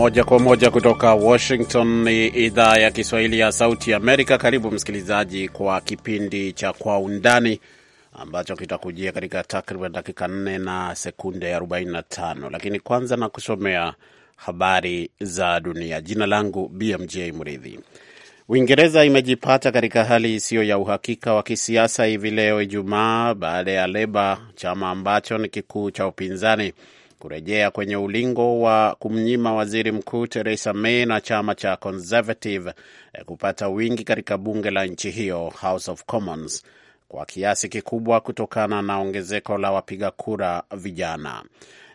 Moja kwa moja kutoka Washington, ni idhaa ya Kiswahili ya Sauti Amerika. Karibu msikilizaji kwa kipindi cha Kwa Undani ambacho kitakujia katika takriban dakika 4 na sekunde 45, lakini kwanza na kusomea habari za dunia. Jina langu BMJ Mridhi. Uingereza imejipata katika hali isiyo ya uhakika wa kisiasa hivi leo Ijumaa, baada ya Leba, chama ambacho ni kikuu cha upinzani kurejea kwenye ulingo wa kumnyima waziri mkuu Theresa May na chama cha Conservative eh, kupata wingi katika bunge la nchi hiyo, House of Commons, kwa kiasi kikubwa kutokana na ongezeko la wapiga kura vijana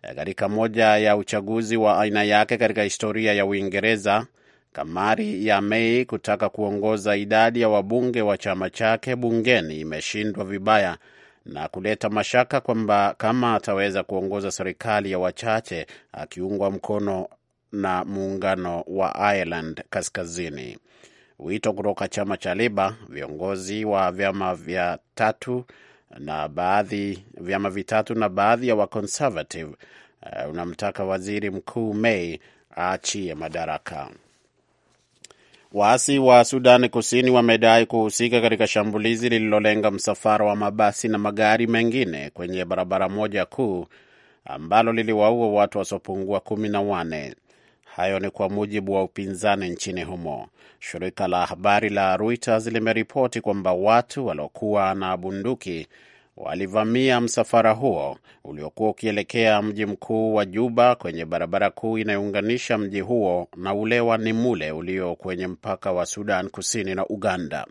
eh, katika moja ya uchaguzi wa aina yake katika historia ya Uingereza. Kamari ya May kutaka kuongoza idadi ya wabunge wa chama chake bungeni imeshindwa vibaya na kuleta mashaka kwamba kama ataweza kuongoza serikali ya wachache akiungwa mkono na muungano wa Ireland Kaskazini. Wito kutoka chama cha Leba, viongozi wa vyama vya tatu na baadhi vyama vitatu na baadhi ya Waconservative uh, eh, unamtaka waziri mkuu May aachie madaraka. Waasi wa Sudan Kusini wamedai kuhusika katika shambulizi lililolenga msafara wa mabasi na magari mengine kwenye barabara moja kuu ambalo liliwaua watu wasiopungua kumi na wane. Hayo ni kwa mujibu wa upinzani nchini humo. Shirika la habari la Reuters limeripoti kwamba watu waliokuwa na bunduki walivamia msafara huo uliokuwa ukielekea mji mkuu wa Juba kwenye barabara kuu inayounganisha mji huo na ule wa Nimule ulio kwenye mpaka wa Sudan Kusini na Uganda.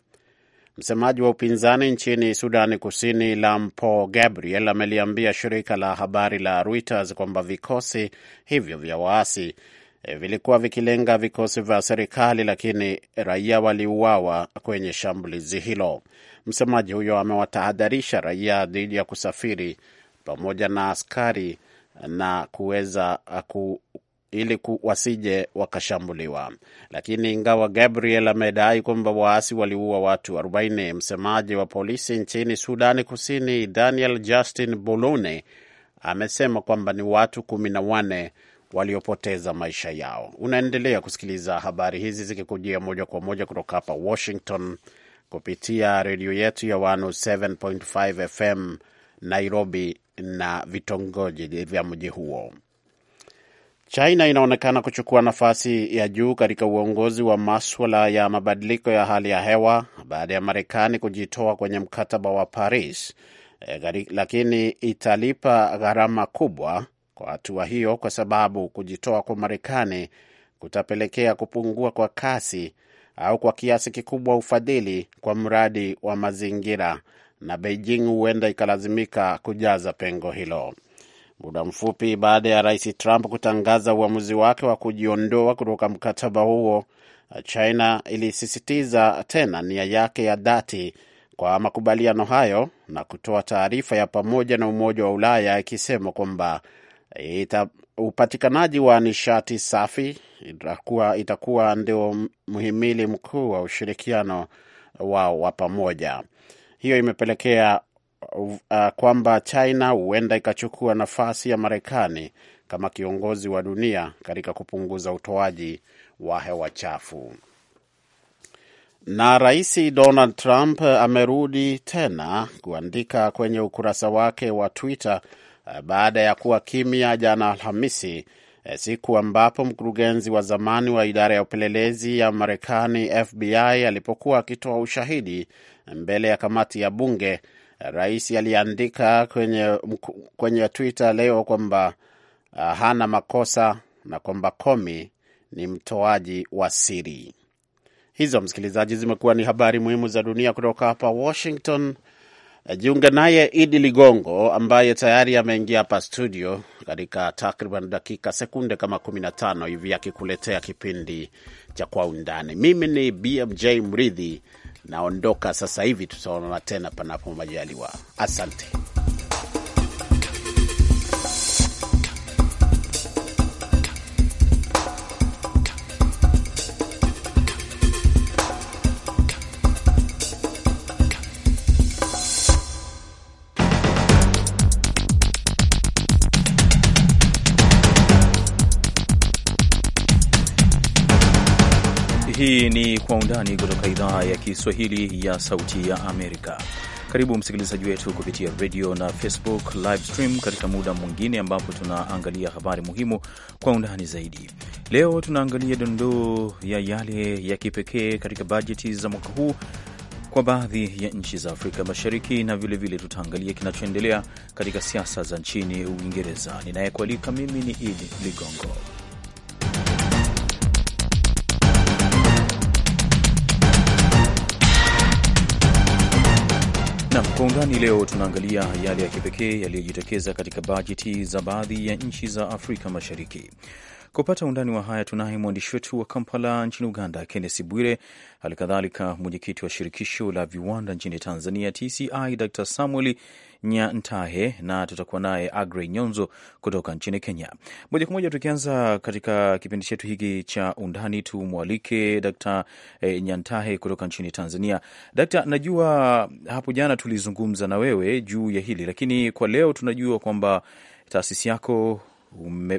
Msemaji wa upinzani nchini Sudan Kusini, Lampo Gabriel, ameliambia shirika la habari la Reuters kwamba vikosi hivyo vya waasi e, vilikuwa vikilenga vikosi vya serikali, lakini raia waliuawa kwenye shambulizi hilo. Msemaji huyo amewatahadharisha raia dhidi ya kusafiri pamoja na askari na kuweza uh, ku, ili wasije wakashambuliwa. Lakini ingawa Gabriel amedai kwamba waasi waliua watu 40, msemaji wa polisi nchini Sudani Kusini Daniel Justin Bolone amesema kwamba ni watu kumi na wanne waliopoteza maisha yao. Unaendelea kusikiliza habari hizi zikikujia moja kwa moja kutoka hapa Washington kupitia redio yetu ya 107.5 FM Nairobi na vitongoji vya mji huo. China inaonekana kuchukua nafasi ya juu katika uongozi wa maswala ya mabadiliko ya hali ya hewa baada ya Marekani kujitoa kwenye mkataba wa Paris, e, lakini italipa gharama kubwa kwa hatua hiyo, kwa sababu kujitoa kwa Marekani kutapelekea kupungua kwa kasi au kwa kiasi kikubwa ufadhili kwa mradi wa mazingira, na Beijing huenda ikalazimika kujaza pengo hilo. Muda mfupi baada ya rais Trump kutangaza uamuzi wake wa kujiondoa kutoka mkataba huo, China ilisisitiza tena nia yake ya dhati kwa makubaliano hayo na kutoa taarifa ya pamoja na Umoja wa Ulaya ikisema kwamba upatikanaji wa nishati safi itakuwa, itakuwa ndio mhimili mkuu wa ushirikiano wao wa pamoja. Hiyo imepelekea uh, kwamba China huenda ikachukua nafasi ya Marekani kama kiongozi wa dunia katika kupunguza utoaji wa hewa chafu. Na Rais Donald Trump amerudi tena kuandika kwenye ukurasa wake wa Twitter Eh, baada ya kuwa kimya jana Alhamisi, eh, siku ambapo mkurugenzi wa zamani wa idara ya upelelezi ya Marekani FBI alipokuwa akitoa ushahidi mbele ya kamati ya bunge. Eh, rais aliandika kwenye, kwenye Twitter leo kwamba hana makosa na kwamba Komi ni mtoaji wa siri. Hizo msikilizaji, zimekuwa ni habari muhimu za dunia kutoka hapa Washington. Jiunge naye Idi Ligongo ambaye tayari ameingia hapa studio katika takriban dakika sekunde kama 15 hivi akikuletea kipindi cha Kwa Undani. Mimi ni BMJ Mridhi, naondoka sasa hivi, tutaonana tena panapo majaliwa. Asante. Hii ni Kwa Undani kutoka idhaa ya Kiswahili ya Sauti ya Amerika. Karibu msikilizaji wetu kupitia radio na Facebook live stream katika muda mwingine ambapo tunaangalia habari muhimu kwa undani zaidi. Leo tunaangalia dondoo ya yale ya kipekee katika bajeti za mwaka huu kwa baadhi ya nchi za Afrika Mashariki na vilevile tutaangalia kinachoendelea katika siasa za nchini Uingereza. Ninayekualika mimi ni Idi Ligongo. Kwa undani leo tunaangalia yale ya kipekee yaliyojitokeza katika bajeti za baadhi ya nchi za Afrika Mashariki. Kupata undani wa haya tunaye mwandishi wetu wa Kampala nchini Uganda, Kennesi Bwire, hali kadhalika mwenyekiti wa shirikisho la viwanda nchini Tanzania TCI, Dr Samuel Nyantahe, na tutakuwa naye Agrey Nyonzo kutoka nchini Kenya. Moja kwa moja, tukianza katika kipindi chetu hiki cha undani, tumwalike Dr Nyantahe kutoka nchini Tanzania. Dr, najua hapo jana tulizungumza na wewe juu ya hili, lakini kwa leo tunajua kwamba taasisi yako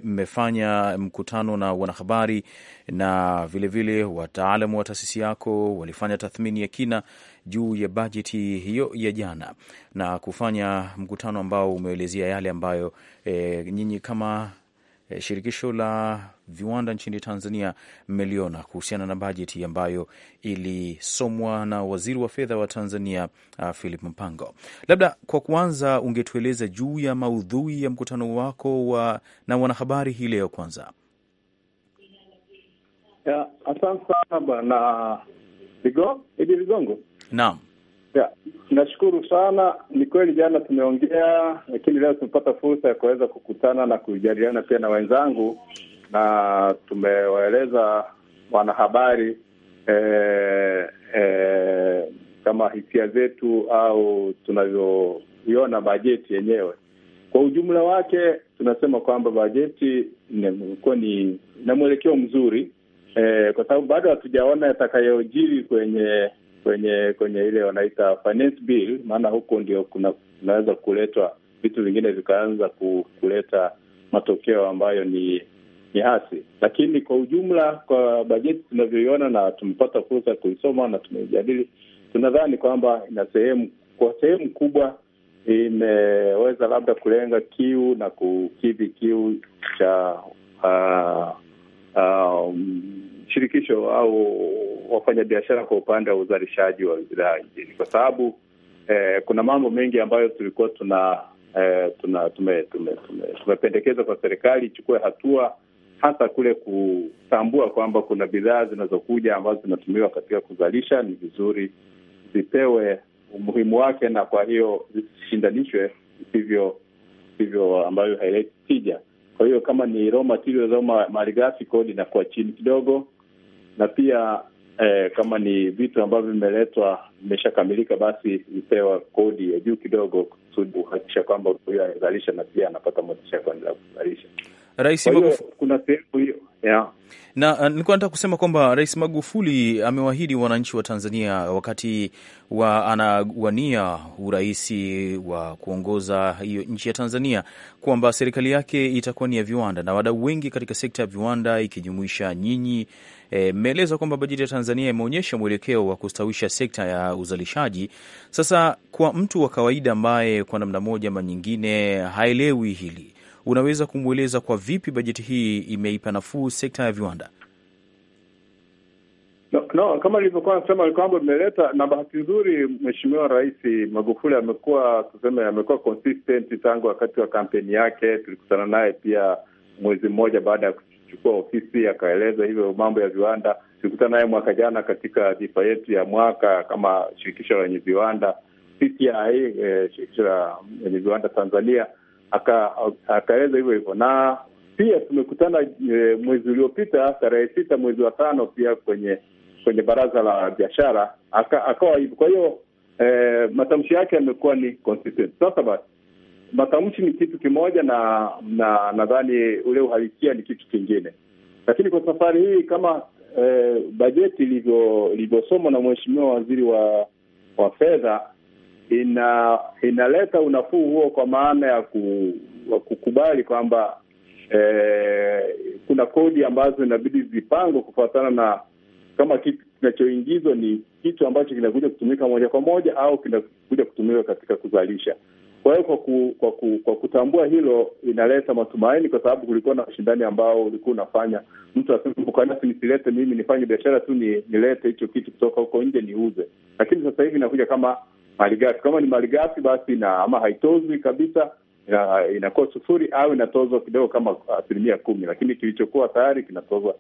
mmefanya mkutano na wanahabari na vilevile wataalamu wa taasisi yako walifanya tathmini ya kina juu ya bajeti hiyo ya jana na kufanya mkutano ambao umeelezea yale ambayo e, nyinyi kama e, shirikisho la viwanda nchini Tanzania mmeliona kuhusiana na bajeti ambayo ilisomwa na waziri wa fedha wa Tanzania uh, Philip Mpango. Labda kwa kwanza ungetueleza juu ya maudhui ya mkutano wako wa, na wanahabari hii leo kwanza. Asante sana bwana Ligongo. Naam, Yeah, nashukuru sana. Ni kweli jana tumeongea, lakini leo tumepata fursa ya kuweza kukutana na kujadiliana pia na wenzangu, na tumewaeleza wanahabari eh, eh, kama hisia zetu au tunavyoiona bajeti yenyewe kwa ujumla wake. Tunasema kwamba bajeti imekuwa ni na mwelekeo mzuri eh, kwa sababu bado hatujaona yatakayojiri kwenye kwenye kwenye ile wanaita finance bill, maana huko ndio kuna kunaweza kuletwa vitu vingine vikaanza kuleta matokeo ambayo ni ni hasi. Lakini kwa ujumla, kwa bajeti tunavyoiona na tumepata fursa ya kuisoma na tumeijadili, tunadhani kwamba ina sehemu kwa sehemu kubwa imeweza labda kulenga kiu na kukidhi kiu cha uh, uh, shirikisho au wafanyabiashara kwa upande wa uzalishaji wa bidhaa nchini, kwa sababu eh, kuna mambo mengi ambayo tulikuwa tuna eh, tuna tumependekeza tume, tume, tume kwa serikali ichukue hatua hasa kule kutambua kwamba kuna bidhaa zinazokuja ambazo zinatumiwa katika kuzalisha, ni vizuri zipewe umuhimu wake, na kwa hiyo zisishindanishwe hivyo hivyo, ambavyo haileti tija. Kwa hiyo kama ni raw materials au malighafi, kodi inakuwa chini kidogo, na pia eh, kama ni vitu ambavyo vimeletwa vimeshakamilika, basi vipewa kodi ya juu kidogo, kusudi kuhakikisha kwamba huyo anazalisha na pia anapata motisha ya kuendelea kuzalisha. Rais Magufuli kuna sehemu hiyo yeah. Na uh, nilikuwa nataka kusema kwamba Rais Magufuli amewaahidi wananchi wa Tanzania wakati wa anawania urais wa kuongoza hiyo nchi ya Tanzania kwamba serikali yake itakuwa ni ya viwanda na wadau wengi katika sekta ya viwanda ikijumuisha nyinyi. Eh, mmeeleza e, kwamba bajeti ya Tanzania imeonyesha mwelekeo wa kustawisha sekta ya uzalishaji. Sasa kwa mtu wa kawaida ambaye kwa namna moja ama nyingine haelewi hili unaweza kumweleza kwa vipi bajeti hii imeipa nafuu sekta ya viwanda? No, no, kama nilivyokuwa nasema kwamba imeleta, na bahati nzuri Mheshimiwa Rais Magufuli amekuwa tuseme, amekuwa consistent tangu wakati wa kampeni yake. Tulikutana naye pia mwezi mmoja baada ya kuchukua ofisi, akaeleza hivyo mambo ya viwanda. Tulikutana naye mwaka jana katika dhifa yetu ya mwaka kama shirikisho lenye viwanda CCI, eh, shirikisho la lenye viwanda Tanzania akaeleza hivyo hivyo, na pia tumekutana e, mwezi uliopita tarehe sita mwezi wa tano pia kwenye kwenye baraza la biashara akawa hivyo. Kwa hiyo e, matamshi yake yamekuwa ni consistent. Sasa basi matamshi ni kitu kimoja, na na nadhani ule uhalisia ni kitu kingine, lakini kwa safari hii kama e, bajeti ilivyosomwa na mheshimiwa waziri wa wa fedha ina inaleta unafuu huo kwa maana ya ku, kukubali kwamba eh, kuna kodi ambazo inabidi zipangwe kufuatana na kama kitu kinachoingizwa ni kitu ambacho kinakuja kutumika moja kwa moja au kinakuja kutumika katika kuzalisha. Kwa hiyo kwa, ku, kwa, ku, kwa kutambua hilo inaleta matumaini, kwa sababu kulikuwa na ushindani ambao ulikuwa unafanya mtu asmkanasi nisilete mimi nifanye biashara tu nilete hicho kitu kutoka huko nje niuze, lakini sasa hivi inakuja kama malighafi. Kama ni malighafi, basi na ama haitozwi kabisa, inakuwa ina sufuri au inatozwa kidogo kama asilimia kumi, lakini kilichokuwa tayari kinatozwa.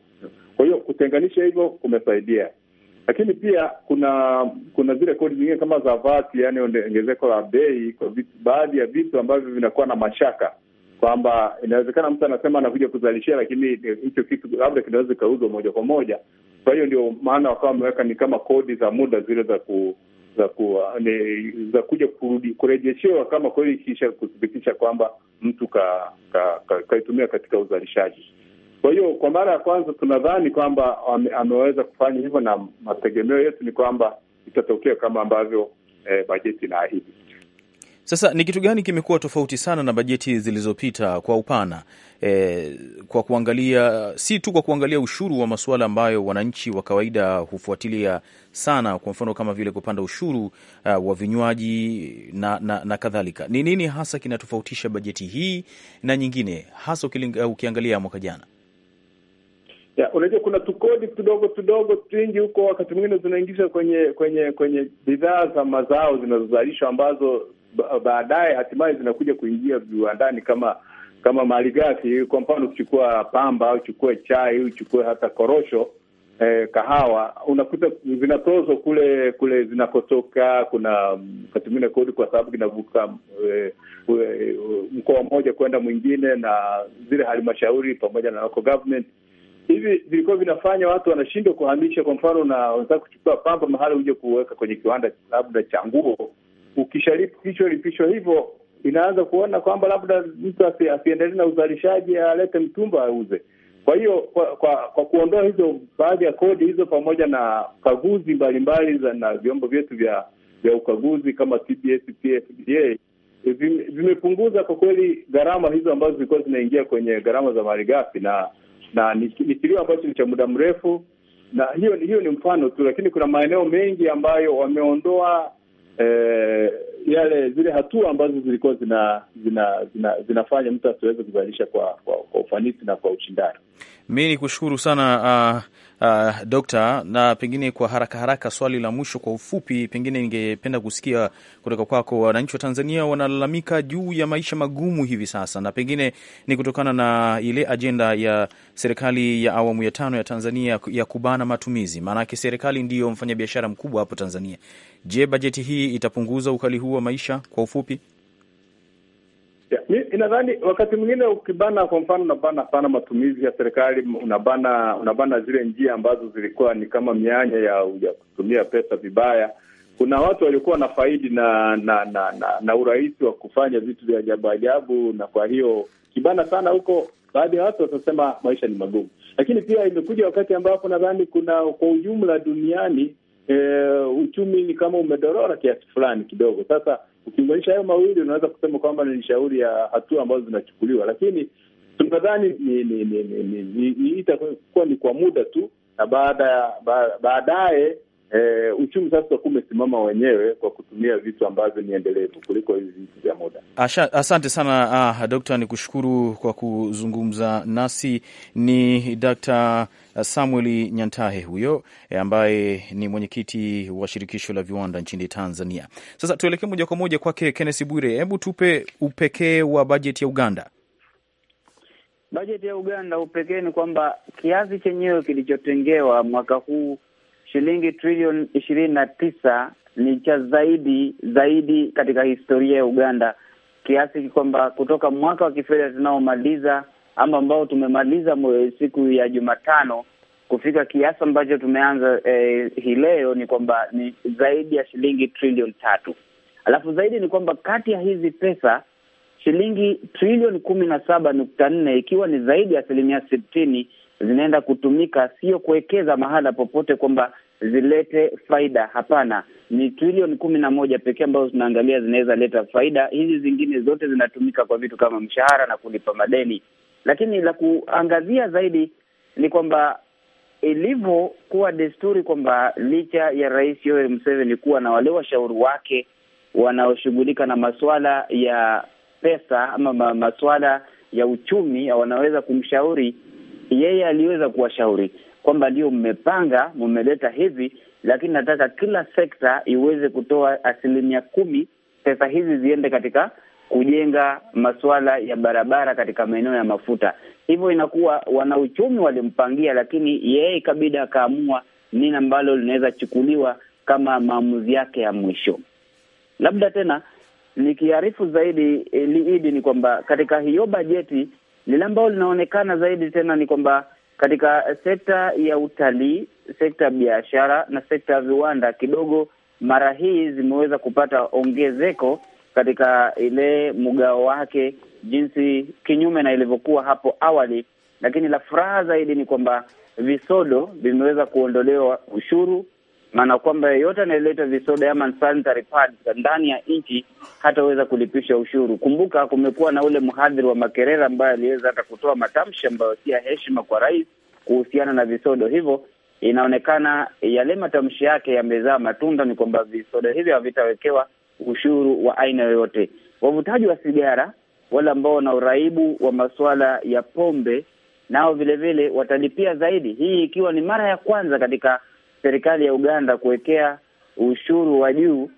Kwa hiyo kutenganisha hivyo kumesaidia, lakini pia kuna kuna zile kodi zingine kama za vati, yani ongezeko la bei kwa baadhi ya vitu ambavyo vinakuwa na mashaka kwamba inawezekana mtu anasema anakuja kuzalishia, lakini hicho kitu labda kinaweza kikauzwa moja kwa moja. Kwa hiyo ndio maana wakawa wameweka ni kama kodi za muda zile za ku za ku, ne, za kuja kurudi kurejeshewa kama kweli kisha kuthibitisha kwamba mtu kaitumia ka, ka, katika uzalishaji. Kwa hiyo kwa mara ya kwanza tunadhani kwamba ame, ameweza kufanya hivyo, na mategemeo yetu ni kwamba itatokea kama ambavyo eh, bajeti inaahidi. Sasa ni kitu gani kimekuwa tofauti sana na bajeti zilizopita kwa upana e, kwa kuangalia si tu kwa kuangalia ushuru wa masuala ambayo wananchi wa kawaida hufuatilia sana, kwa mfano kama vile kupanda ushuru uh, wa vinywaji na, na, na kadhalika. Ni nini hasa kinatofautisha bajeti hii na nyingine, hasa ukiangalia mwaka jana? Unajua, kuna tukodi tudogo tudogo twingi huko, wakati mwingine zinaingizwa kwenye kwenye kwenye bidhaa za mazao zinazozalishwa ambazo baadaye hatimaye zinakuja kuingia viwandani kama kama malighafi. Kwa mfano, uchukua pamba au uchukue chai, uchukue hata korosho eh, kahawa, unakuta zinatozwa kule kule zinakotoka. Kuna mm, wakati mwingine kodi kwa sababu kinavuka eh, mkoa mmoja kwenda mwingine, na zile halmashauri pamoja na local government hivi vilikuwa vinafanya watu wanashindwa kuhamisha. Kwa mfano, na unataka kuchukua pamba mahali uje kuweka kwenye kiwanda labda cha nguo ukishalipishwa hivyo, inaanza kuona kwamba labda mtu asiendelee na uzalishaji, alete mtumba auze. Kwa hiyo kwa, kwa, kwa kuondoa hizo baadhi ya kodi hizo pamoja na kaguzi mbalimbali na vyombo vyetu vya vya ukaguzi kama TBS, TFDA vimepunguza kwa kweli gharama hizo ambazo zilikuwa zinaingia kwenye gharama za malighafi, na na ni kilio ambacho ni cha muda mrefu, na hiyo hiyo ni mfano tu, lakini kuna maeneo mengi ambayo wameondoa eh, yale zile hatua ambazo zilikuwa zina, zina, zina, zinafanya mtu asiweze kuzalisha kwa, kwa, kwa ufanisi na kwa ushindani. Mi ni kushukuru sana uh, uh, dokta, na pengine kwa haraka haraka, swali la mwisho kwa ufupi, pengine ningependa kusikia kutoka kwako. Wananchi wa Tanzania wanalalamika juu ya maisha magumu hivi sasa, na pengine ni kutokana na ile ajenda ya serikali ya awamu ya tano ya Tanzania ya kubana matumizi, maanake serikali ndiyo mfanyabiashara mkubwa hapo Tanzania. Je, bajeti hii itapunguza ukali huu wa maisha? Kwa ufupi maisha. Mi nadhani wakati mwingine ukibana, kwa mfano, unabana sana matumizi ya serikali, unabana unabana zile njia ambazo zilikuwa ni kama mianya ya, ya kutumia pesa vibaya. Kuna watu waliokuwa na faidi na na na, na, na urahisi wa kufanya vitu vya ajabu ajabu, na kwa hiyo kibana sana huko, baadhi ya watu watasema maisha ni magumu, lakini pia imekuja wakati ambapo nadhani kuna kwa ujumla duniani E, uchumi ni kama umedorora kiasi fulani kidogo. Sasa Ukiunganisha hayo mawili, unaweza kusema kwamba ni shauri ya hatua ambazo zinachukuliwa, lakini tunadhani ni, ni, ni, ni, ni, ni itakuwa ni kwa muda tu, na baada baadaye E, uchumi sasa utakuwa umesimama wenyewe kwa kutumia vitu ambavyo ni endelevu kuliko hivi vitu vya muda. Asante sana ah, Dokta, ni kushukuru kwa kuzungumza nasi. Ni Dokta ah, Samuel Nyantahe huyo e, ambaye ni mwenyekiti wa shirikisho la viwanda nchini Tanzania. Sasa tuelekee moja kwa moja kwake Kennes Bwire, hebu tupe upekee wa bajeti ya Uganda. Bajeti ya Uganda upekee ni kwamba kiasi chenyewe kilichotengewa mwaka huu shilingi trilioni ishirini na tisa ni cha zaidi zaidi katika historia ya Uganda, kiasi kwamba kutoka mwaka wa kifedha tunaomaliza ama ambao tumemaliza siku ya Jumatano kufika kiasi ambacho tumeanza eh, hii leo ni kwamba ni zaidi ya shilingi trilioni tatu. Alafu zaidi ni kwamba kati ya hizi pesa shilingi trilioni kumi na saba nukta nne ikiwa ni zaidi ya asilimia sitini zinaenda kutumika, sio kuwekeza mahala popote, kwamba zilete faida. Hapana, ni trilioni kumi na moja pekee ambazo zinaangalia zinaweza leta faida. Hizi zingine zote zinatumika kwa vitu kama mshahara na kulipa madeni, lakini la kuangazia zaidi ni kwamba ilivyokuwa desturi kwamba licha ya Rais Yoweri Museveni kuwa na wale washauri wake wanaoshughulika na masuala ya pesa ama masuala ya uchumi, wanaweza kumshauri yeye, aliweza kuwashauri kwamba ndio mmepanga mmeleta hivi, lakini nataka kila sekta iweze kutoa asilimia kumi, pesa hizi ziende katika kujenga masuala ya barabara katika maeneo ya mafuta. Hivyo inakuwa wanauchumi walimpangia, lakini yeye ikabidi akaamua nini ambalo linaweza chukuliwa kama maamuzi yake ya mwisho. Labda tena nikiarifu zaidi liidi eh, ni kwamba katika hiyo bajeti lile ambalo linaonekana zaidi tena ni kwamba katika sekta ya utalii, sekta ya biashara na sekta ya viwanda kidogo, mara hii zimeweza kupata ongezeko katika ile mgao wake, jinsi kinyume na ilivyokuwa hapo awali. Lakini la furaha zaidi ni kwamba visodo vimeweza kuondolewa ushuru maana kwamba yeyote anayeleta visoda ama sanitary pads ndani ya nchi hataweza kulipisha ushuru. Kumbuka kumekuwa na ule mhadhiri wa Makerera ambaye aliweza hata kutoa matamshi ambayo si ya heshima kwa rais kuhusiana na visodo hivyo. Inaonekana yale matamshi yake yamezaa matunda, ni kwamba visodo hivyo havitawekewa ushuru wa aina yoyote. Wavutaji wa sigara, wale ambao wana uraibu wa masuala ya pombe, nao vilevile watalipia zaidi, hii ikiwa ni mara ya kwanza katika serikali ya Uganda kuwekea ushuru wa juu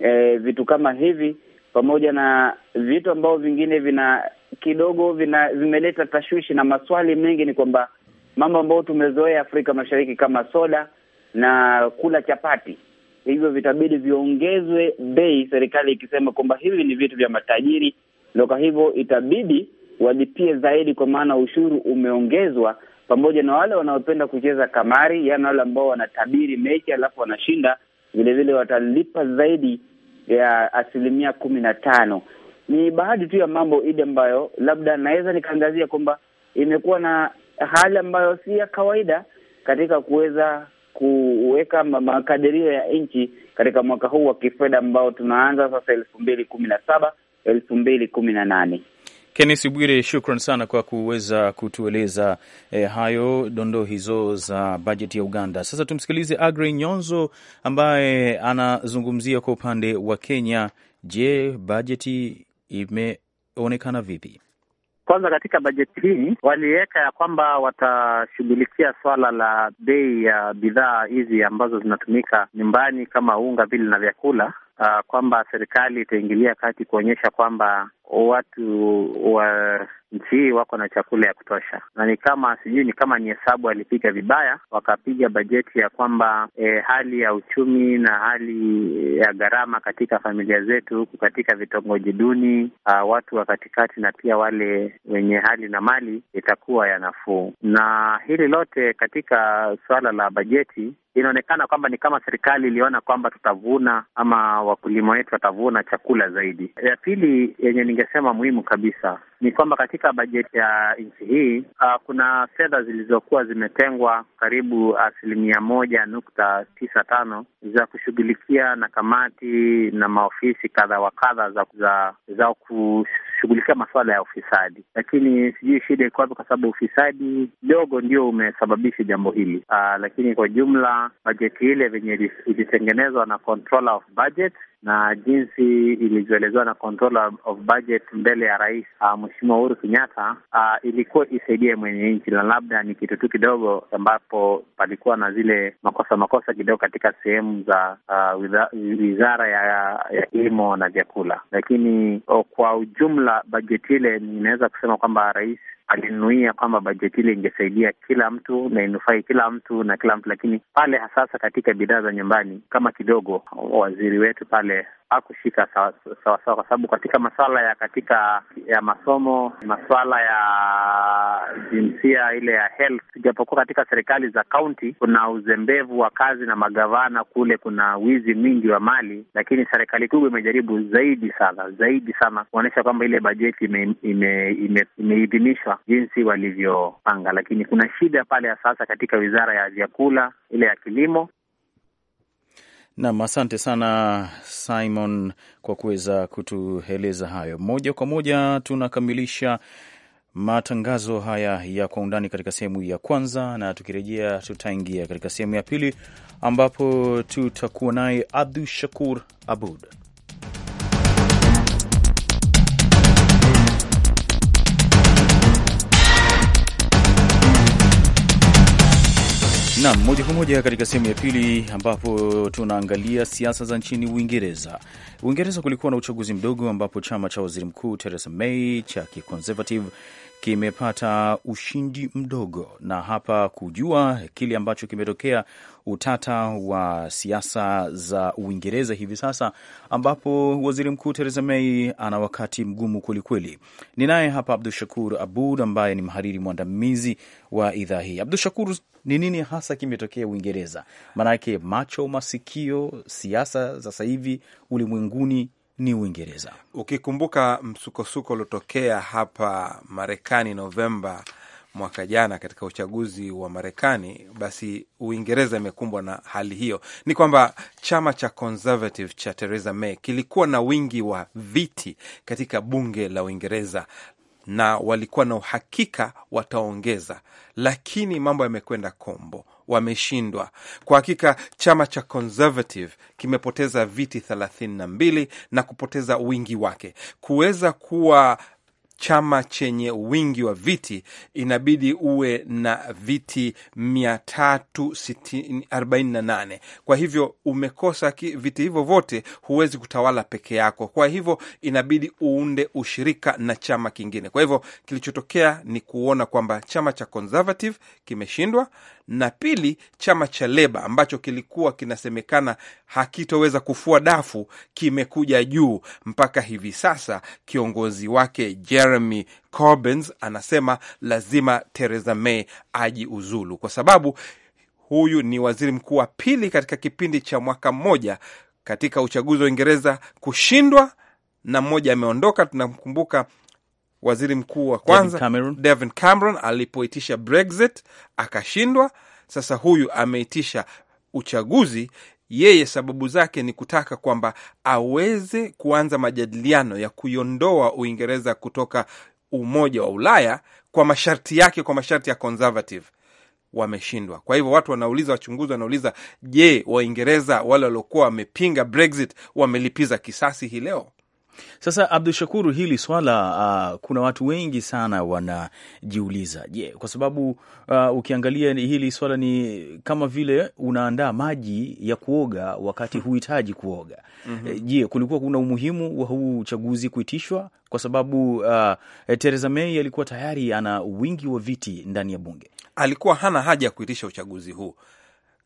e, vitu kama hivi pamoja na vitu ambavyo vingine vina kidogo vina vimeleta tashwishi na maswali mengi, ni kwamba mambo ambayo tumezoea Afrika Mashariki kama soda na kula chapati, hivyo vitabidi viongezwe bei, serikali ikisema kwamba hivi ni vitu vya matajiri, na kwa hivyo itabidi walipie zaidi, kwa maana ushuru umeongezwa pamoja na wale wanaopenda kucheza kamari, yaani wale ambao wanatabiri mechi alafu wanashinda, vilevile watalipa zaidi ya asilimia kumi na tano. Ni baadhi tu ya mambo idi ambayo labda naweza nikaangazia kwamba imekuwa na hali ambayo si ya kawaida katika kuweza kuweka makadirio ya nchi katika mwaka huu wa kifedha ambao tunaanza sasa elfu mbili kumi na saba elfu mbili kumi na nane. Kenesi Bwire, shukran sana kwa kuweza kutueleza eh, hayo dondoo hizo za bajeti ya Uganda. Sasa tumsikilize agre Nyonzo ambaye anazungumzia kwa upande wa Kenya. Je, bajeti imeonekana vipi? Kwanza katika bajeti hii waliweka ya kwamba watashughulikia swala la bei ya bidhaa hizi ambazo zinatumika nyumbani kama unga, vile na vyakula, uh, kwamba serikali itaingilia kati kuonyesha kwamba watu wa nchi hii wako na chakula ya kutosha, na ni kama sijui, ni kama ni hesabu alipiga vibaya, wakapiga bajeti ya kwamba e, hali ya uchumi na hali ya gharama katika familia zetu huku katika vitongoji duni, watu wa katikati na pia wale wenye hali na mali itakuwa ya nafuu. Na hili lote katika suala la bajeti inaonekana kwamba ni kama serikali iliona kwamba tutavuna ama wakulima wetu watavuna chakula zaidi. Ya pili yenye ningesema muhimu kabisa ni kwamba katika bajeti ya nchi hii uh, kuna fedha zilizokuwa zimetengwa karibu asilimia moja nukta tisa tano za kushughulikia na kamati na maofisi kadha wa kadha za, za, za kushughulikia masuala ya ufisadi, lakini sijui shida iko wapi, kwa sababu ufisadi dogo ndio umesababisha jambo hili uh, lakini kwa jumla bajeti ile venye ilitengenezwa na Controller of Budget na jinsi ilivyoelezewa na controller of budget mbele ya rais ah, Mheshimiwa Uhuru Kenyatta, ah, ilikuwa isaidie mwenye nchi, na labda ni kitu tu kidogo ambapo palikuwa na zile makosa makosa kidogo katika sehemu za ah, wizara ya kilimo na vyakula, lakini oh, kwa ujumla bajeti ile inaweza kusema kwamba rais alinuia kwamba bajeti ile ingesaidia kila mtu na inufai kila mtu na kila mtu, lakini pale hasasa katika bidhaa za nyumbani kama kidogo, waziri wetu pale hakushika sawasawa, kwa sababu katika maswala ya katika ya masomo, maswala ya jinsia ile ya health, ijapokuwa katika serikali za kaunti kuna uzembevu wa kazi na magavana kule, kuna wizi mwingi wa mali, lakini serikali kubwa imejaribu zaidi sana zaidi sana kuonyesha kwamba ile bajeti imeidhinishwa jinsi walivyopanga, lakini kuna shida pale ya sasa katika wizara ya vyakula ile ya kilimo Nam, asante sana Simon kwa kuweza kutueleza hayo. Moja kwa moja tunakamilisha matangazo haya ya kwa undani katika sehemu ya kwanza, na tukirejea tutaingia katika sehemu ya pili ambapo tutakuwa naye Abdu Shakur Abud. Naam, moja kwa moja katika sehemu ya pili ambapo tunaangalia siasa za nchini Uingereza. Uingereza kulikuwa na uchaguzi mdogo ambapo chama cha waziri mkuu Theresa May cha Conservative kimepata ushindi mdogo, na hapa kujua kile ambacho kimetokea, utata wa siasa za Uingereza hivi sasa, ambapo waziri mkuu Theresa May ana wakati mgumu kwelikweli. Ni naye hapa Abdu Shakur Abud ambaye ni mhariri mwandamizi wa idhaa hii. Abdu Shakur, ni nini hasa kimetokea Uingereza? Maanake macho, masikio, siasa sasa hivi ulimwenguni ni Uingereza. Ukikumbuka msukosuko uliotokea hapa Marekani Novemba mwaka jana katika uchaguzi wa Marekani, basi Uingereza imekumbwa na hali hiyo. Ni kwamba chama cha Conservative cha Theresa May kilikuwa na wingi wa viti katika bunge la Uingereza na walikuwa na uhakika wataongeza, lakini mambo yamekwenda kombo wameshindwa. Kwa hakika chama cha Conservative kimepoteza viti thelathini na mbili na kupoteza wingi wake kuweza kuwa chama chenye wingi wa viti inabidi uwe na viti 348. Kwa hivyo umekosa viti hivyo vote, huwezi kutawala peke yako. Kwa hivyo inabidi uunde ushirika na chama kingine. Kwa hivyo kilichotokea ni kuona kwamba chama cha Conservative kimeshindwa na pili, chama cha Leba ambacho kilikuwa kinasemekana hakitoweza kufua dafu kimekuja juu mpaka hivi sasa. Kiongozi wake Jeremy Corbyn anasema lazima Theresa May uzulu kwa sababu huyu ni waziri mkuu wa pili katika kipindi cha mwaka mmoja katika uchaguzi wa Uingereza kushindwa na mmoja ameondoka. Tunamkumbuka waziri mkuu wa kwanza Cameron, Cameron alipoitisha Brexit akashindwa. Sasa huyu ameitisha uchaguzi yeye sababu zake ni kutaka kwamba aweze kuanza majadiliano ya kuiondoa Uingereza kutoka Umoja wa Ulaya kwa masharti yake, kwa masharti ya conservative. Wameshindwa. Kwa hivyo watu wanauliza, wachunguzi wanauliza, je, Waingereza wale waliokuwa wamepinga Brexit wamelipiza kisasi hii leo? Sasa Abdu Shakuru, hili swala uh, kuna watu wengi sana wanajiuliza, je, yeah, kwa sababu uh, ukiangalia hili swala ni kama vile unaandaa maji ya kuoga wakati hmm. huhitaji kuoga. Mm-hmm. Eh, je, mm -hmm. yeah, kulikuwa kuna umuhimu wa huu uchaguzi kuitishwa kwa sababu uh, Theresa May alikuwa tayari ana wingi wa viti ndani ya bunge, alikuwa hana haja ya kuitisha uchaguzi huu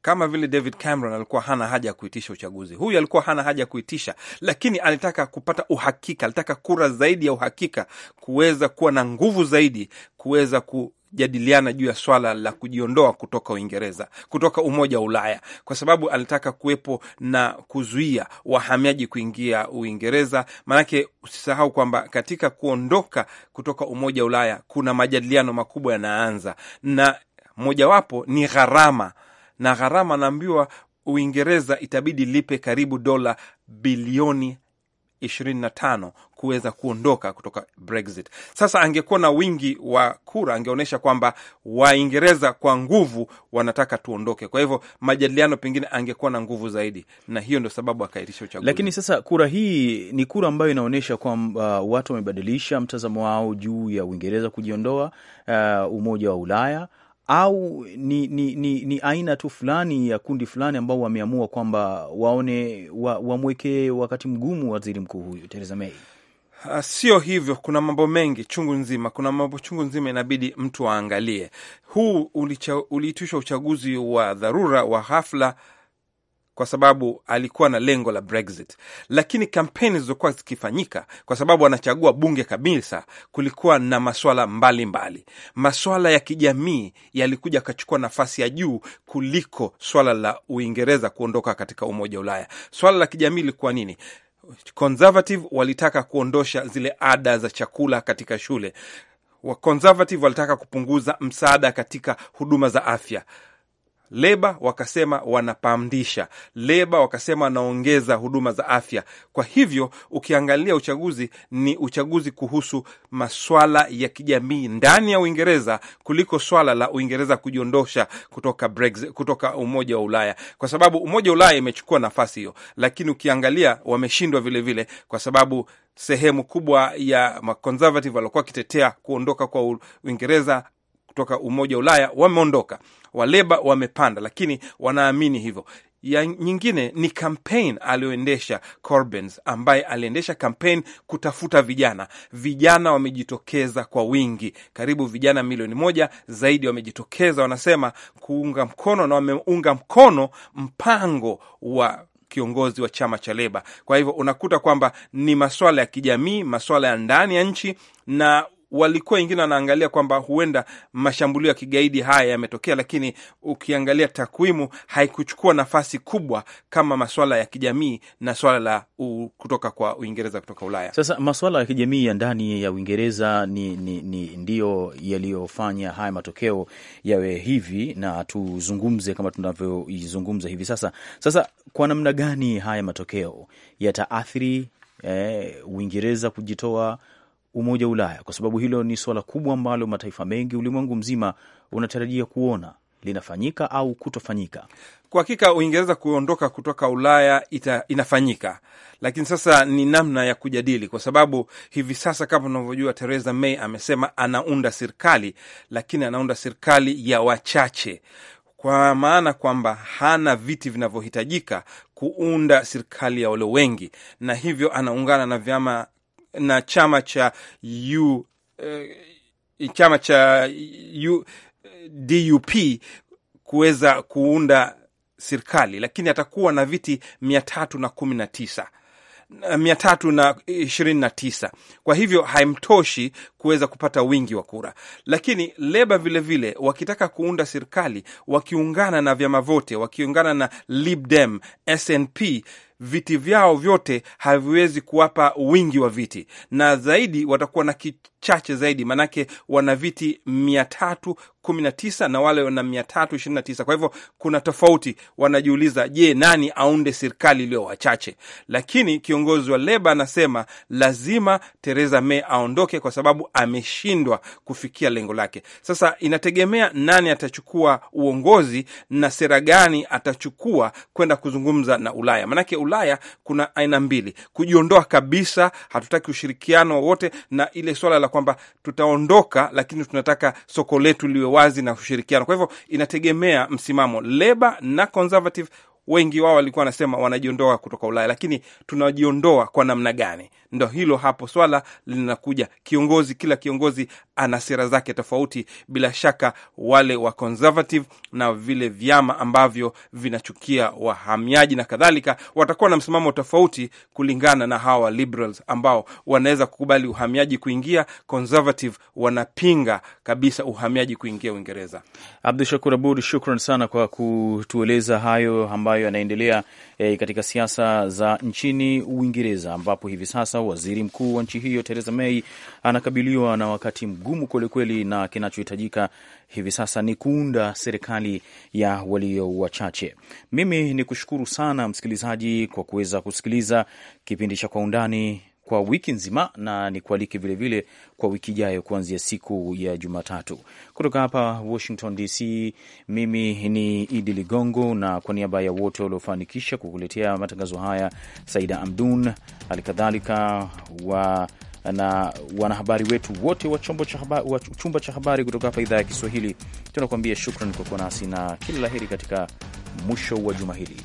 kama vile David Cameron alikuwa hana haja ya kuitisha uchaguzi, huyu alikuwa hana haja ya kuitisha, lakini alitaka kupata uhakika, alitaka kura zaidi ya uhakika, kuweza kuwa na nguvu zaidi, kuweza ku jadiliana juu ya swala la kujiondoa kutoka Uingereza, kutoka Umoja wa Ulaya, kwa sababu alitaka kuwepo na kuzuia wahamiaji kuingia Uingereza. Maanake usisahau kwamba katika kuondoka kutoka Umoja wa Ulaya kuna majadiliano makubwa yanaanza, na mojawapo ni gharama na gharama, naambiwa Uingereza itabidi lipe karibu dola bilioni 25 kuweza kuondoka kutoka Brexit. Sasa angekuwa na wingi wa kura, angeonyesha kwamba Waingereza kwa nguvu wanataka tuondoke. Kwa hivyo majadiliano pengine angekuwa na nguvu zaidi, na hiyo ndio sababu akaitisha uchaguzi. Lakini sasa kura hii ni kura ambayo inaonyesha kwamba watu wamebadilisha mtazamo wao juu ya Uingereza kujiondoa uh, Umoja wa Ulaya au ni, ni, ni, ni aina tu fulani ya kundi fulani ambao wameamua kwamba waone wa, wamwekee wakati mgumu waziri mkuu huyu Theresa May? Uh, sio hivyo. Kuna mambo mengi chungu nzima, kuna mambo chungu nzima inabidi mtu aangalie. Huu uliitishwa uchaguzi wa dharura wa ghafla kwa sababu alikuwa na lengo la Brexit, lakini kampeni zilizokuwa zikifanyika, kwa sababu anachagua bunge kabisa, kulikuwa na maswala mbalimbali. Maswala ya kijamii yalikuja akachukua nafasi ya juu kuliko swala la Uingereza kuondoka katika umoja wa Ulaya. Swala la kijamii lilikuwa nini? Conservative walitaka kuondosha zile ada za chakula katika shule. Conservative walitaka kupunguza msaada katika huduma za afya. Leba wakasema wanapandisha, Leba wakasema wanaongeza huduma za afya. Kwa hivyo ukiangalia uchaguzi ni uchaguzi kuhusu maswala ya kijamii ndani ya Uingereza kuliko swala la Uingereza kujiondosha kutoka Brexit, kutoka Umoja wa Ulaya, kwa sababu Umoja wa Ulaya imechukua nafasi hiyo, lakini ukiangalia wameshindwa vilevile, kwa sababu sehemu kubwa ya maconservative waliokuwa wakitetea kuondoka kwa Uingereza kutoka Umoja wa Ulaya wameondoka, Waleba wamepanda, lakini wanaamini hivyo ya nyingine ni kampein aliyoendesha Corbyn, ambaye aliendesha kampein kutafuta vijana. Vijana wamejitokeza kwa wingi, karibu vijana milioni moja zaidi wamejitokeza, wanasema kuunga mkono na wameunga mkono mpango wa kiongozi wa chama cha Leba. Kwa hivyo unakuta kwamba ni maswala ya kijamii, maswala ya ndani ya nchi na walikuwa wengine wanaangalia kwamba huenda mashambulio ya kigaidi haya yametokea, lakini ukiangalia takwimu haikuchukua nafasi kubwa kama maswala ya kijamii na swala la u, kutoka kwa Uingereza kutoka Ulaya. Sasa maswala ya kijamii ya ndani ya Uingereza ni, ni, ni ndiyo yaliyofanya haya matokeo yawe hivi na tuzungumze kama tunavyoizungumza hivi sasa. Sasa kwa namna gani haya matokeo yataathiri eh, Uingereza kujitoa Umoja wa Ulaya, kwa sababu hilo ni suala kubwa ambalo mataifa mengi ulimwengu mzima unatarajia kuona linafanyika au kutofanyika. Kwa hakika Uingereza kuondoka kutoka Ulaya ita, inafanyika, lakini sasa ni namna ya kujadili, kwa sababu hivi sasa kama unavyojua, Theresa May amesema anaunda serikali, lakini anaunda serikali ya wachache kwa maana kwamba hana viti vinavyohitajika kuunda serikali ya walio wengi, na hivyo anaungana na vyama na chama cha U, uh, chama cha U, DUP kuweza kuunda serikali, lakini atakuwa na viti mia tatu na kumi na tisa mia tatu na ishirini na tisa. Kwa hivyo haimtoshi kuweza kupata wingi wa kura, lakini Leba vilevile vile, wakitaka kuunda serikali wakiungana na vyama vyote wakiungana na Lib Dem, SNP viti vyao vyote haviwezi kuwapa wingi wa viti, na zaidi watakuwa na kichache zaidi, maanake wana viti mia tatu kumi na tisa na wale wana mia tatu ishirini na tisa Kwa hivyo kuna tofauti. Wanajiuliza, je, nani aunde serikali iliyo wachache? Lakini kiongozi wa Leba anasema lazima Tereza May aondoke kwa sababu ameshindwa kufikia lengo lake. Sasa inategemea nani atachukua uongozi na sera gani atachukua kwenda kuzungumza na Ulaya, maanake Ulaya kuna aina mbili: kujiondoa kabisa, hatutaki ushirikiano wowote, na ile swala la kwamba tutaondoka, lakini tunataka soko letu liwe wazi na ushirikiano. Kwa hivyo inategemea msimamo. Leba na Conservative wengi wao walikuwa wanasema wanajiondoa kutoka Ulaya, lakini tunajiondoa kwa namna gani? Ndo hilo hapo swala linakuja. Kiongozi, kila kiongozi ana sera zake tofauti, bila shaka wale wa conservative na vile vyama ambavyo vinachukia wahamiaji na kadhalika watakuwa na msimamo tofauti kulingana na hawa liberals ambao wanaweza kukubali uhamiaji kuingia. Conservative wanapinga kabisa uhamiaji kuingia Uingereza. Abdu Shakur Abud, shukran sana kwa kutueleza hayo ambayo yanaendelea eh, katika siasa za nchini Uingereza ambapo hivi sasa waziri mkuu wa nchi hiyo Theresa May anakabiliwa na wakati mgumu gumu kwelikweli, na kinachohitajika hivi sasa ni kuunda serikali ya walio wachache. Mimi ni kushukuru sana msikilizaji kwa kuweza kusikiliza kipindi cha Kwa Undani kwa wiki nzima, na nikualike vilevile kwa wiki ijayo kuanzia siku ya Jumatatu. Kutoka hapa Washington DC, mimi ni Idi Ligongo, na kwa niaba ya wote waliofanikisha kukuletea matangazo haya, Saida Amdun, halikadhalika wa na wanahabari wetu wote wa chumba cha habari kutoka hapa idhaa ya Kiswahili. Tunakuambia shukran kwa kuwa nasi na kila la heri katika mwisho wa juma hili.